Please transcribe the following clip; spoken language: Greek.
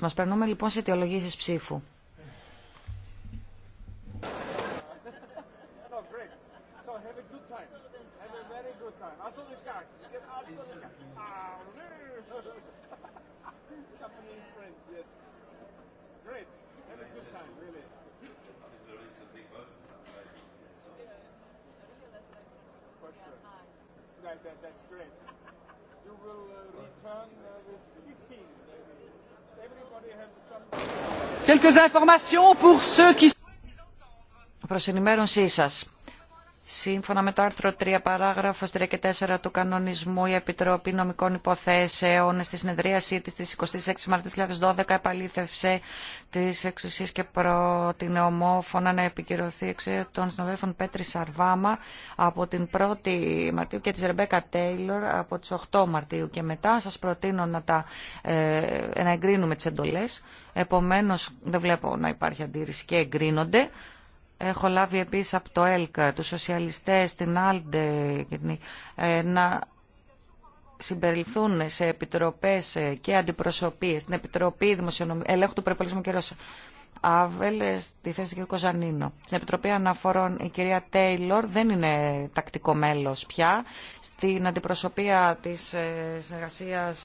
Μας περνούμε λοιπόν σε αιτιολογήσει ψήφου. Προς ενημέρωσή σας, Σύμφωνα με το άρθρο 3 παράγραφος 3 και 4 του κανονισμού η Επιτροπή Νομικών Υποθέσεων στη συνεδρίασή της στις 26 Μαρτίου 2012 επαλήθευσε τις εξουσίες και πρότεινε ομόφωνα να επικυρωθεί εξουσία των συναδέλφων Πέτρη Σαρβάμα από την 1η Μαρτίου και της Ρεμπέκα Τέιλορ από τις 8 Μαρτίου και μετά σας προτείνω να, τα, ε, να εγκρίνουμε τις εντολές. Επομένως δεν βλέπω να υπάρχει αντίρρηση και εγκρίνονται. Έχω λάβει επίσης από το ΕΛΚΑ, τους σοσιαλιστές, την ΑΛΔΕ, ε, να συμπεριληφθούν σε επιτροπές ε, και αντιπροσωπείες, στην Επιτροπή Δημοσιονομικής Ελέγχου του Περιπολισμού κ. Άβελ, ε, στη θέση του κ. Κοζανίνο. Στην Επιτροπή Αναφορών η κυρία Τέιλορ δεν είναι τακτικό μέλος πια. Στην αντιπροσωπεία της συνεργασίας